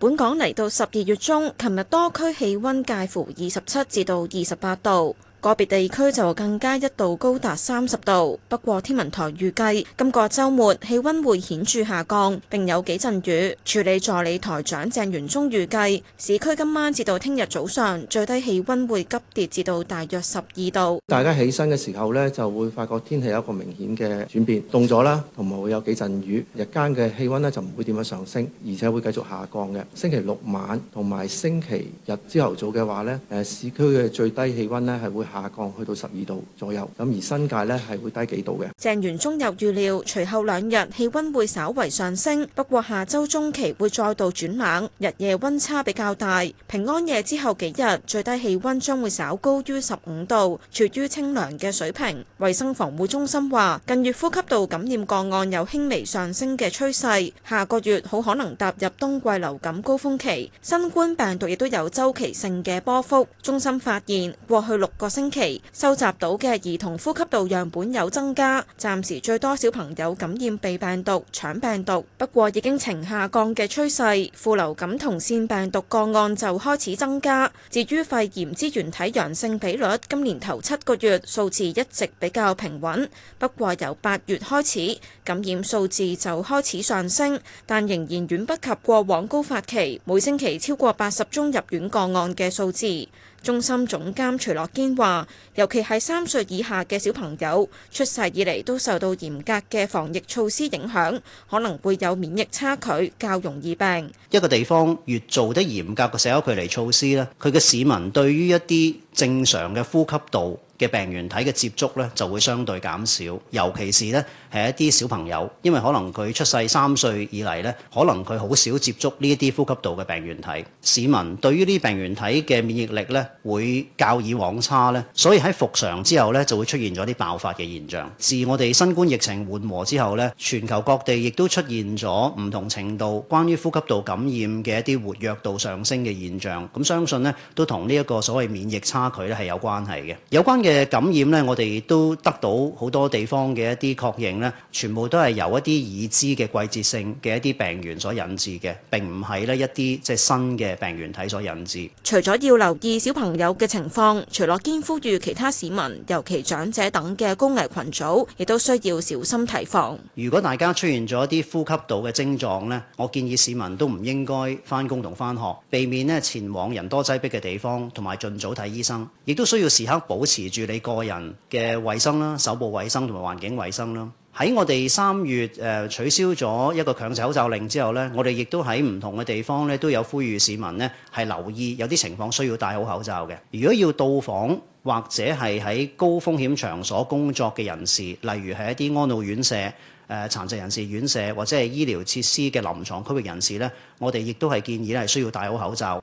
本港嚟到十二月中，琴日多區氣溫介乎二十七至到二十八度。個別地區就更加一度高達三十度。不過天文台預計今個週末氣温會顯著下降，並有幾陣雨。署理助理台長鄭元忠預計市區今晚至到聽日早上最低氣温會急跌至到大約十二度。大家起身嘅時候呢，就會發覺天氣有一個明顯嘅轉變，凍咗啦，同埋會有幾陣雨。日間嘅氣温呢，就唔會點樣上升，而且會繼續下降嘅。星期六晚同埋星期日朝頭早嘅話呢，誒市區嘅最低氣温呢，係會，下降去到十二度左右，咁而新界咧，係會低幾度嘅。鄭元宗又預料，隨後兩日氣溫會稍為上升，不過下周中期會再度轉冷，日夜溫差比較大。平安夜之後幾日，最低氣溫將會稍高於十五度，處於清涼嘅水平。衛生防護中心話，近月呼吸道感染個案有輕微上升嘅趨勢，下個月好可能踏入冬季流感高峰期。新冠病毒亦都有周期性嘅波幅。中心發現，過去六個星。星，星期收集到嘅兒童呼吸道樣本有增加，暫時最多小朋友感染鼻病毒、腸病毒，不過已經呈下降嘅趨勢。副流感同腺病毒個案就開始增加。至於肺炎支原體陽性比率，今年頭七個月數字一直比較平穩，不過由八月開始感染數字就開始上升，但仍然遠不及過往高發期，每星期超過八十宗入院個案嘅數字。中心總監徐樂堅話，尤其係三歲以下嘅小朋友，出世以嚟都受到嚴格嘅防疫措施影響，可能會有免疫差距，較容易病。一個地方越做得嚴格嘅社交距離措施呢，佢嘅市民對於一啲正常嘅呼吸道嘅病原體嘅接觸呢，就會相對減少，尤其是呢，係一啲小朋友，因為可能佢出世三歲以嚟呢，可能佢好少接觸呢一啲呼吸道嘅病原體。市民對於呢病原體嘅免疫力呢，會較以往差呢。所以喺復常之後呢，就會出現咗啲爆發嘅現象。自我哋新冠疫情緩和之後呢，全球各地亦都出現咗唔同程度關於呼吸道感染嘅一啲活躍度上升嘅現象。咁、嗯、相信呢，都同呢一個所謂免疫差。佢呢係有關係嘅，有關嘅感染呢，我哋都得到好多地方嘅一啲確認呢，全部都係由一啲已知嘅季節性嘅一啲病原所引致嘅，並唔係呢一啲即係新嘅病原體所引致。除咗要留意小朋友嘅情況，除咗兼呼籲其他市民，尤其長者等嘅高危群組，亦都需要小心提防。如果大家出現咗一啲呼吸道嘅症狀呢，我建議市民都唔應該返工同返學，避免呢前往人多擠逼嘅地方，同埋盡早睇醫生。亦都需要時刻保持住你個人嘅衛生啦，手部衛生同埋環境衛生啦。喺我哋三月誒取消咗一個強制口罩令之後咧，我哋亦都喺唔同嘅地方咧都有呼籲市民咧係留意有啲情況需要戴好口罩嘅。如果要到訪或者係喺高風險場所工作嘅人士，例如係一啲安老院舍、誒殘疾人士院舍或者係醫療設施嘅臨牀區域人士咧，我哋亦都係建議咧係需要戴好口罩。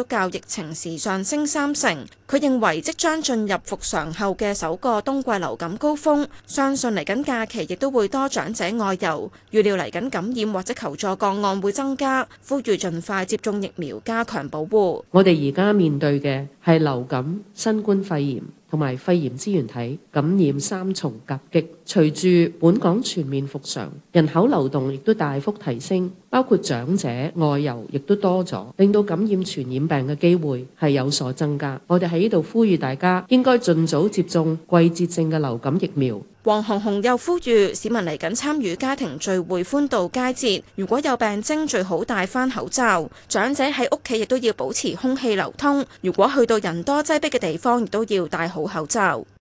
都較疫情時上升三成，佢認為即將進入復常後嘅首個冬季流感高峰，相信嚟緊假期亦都會多長者外遊，預料嚟緊感染或者求助個案會增加，呼籲盡快接種疫苗加強保護。我哋而家面對嘅係流感、新冠肺炎同埋肺炎支原體感染三重夾擊。隨住本港全面復常，人口流動亦都大幅提升，包括長者外遊亦都多咗，令到感染傳染病嘅機會係有所增加。我哋喺呢度呼籲大家應該盡早接種季節性嘅流感疫苗。黃紅紅又呼籲市民嚟緊參與家庭聚會、歡度佳節，如果有病徵，最好戴翻口罩。長者喺屋企亦都要保持空氣流通，如果去到人多擠迫嘅地方，亦都要戴好口罩。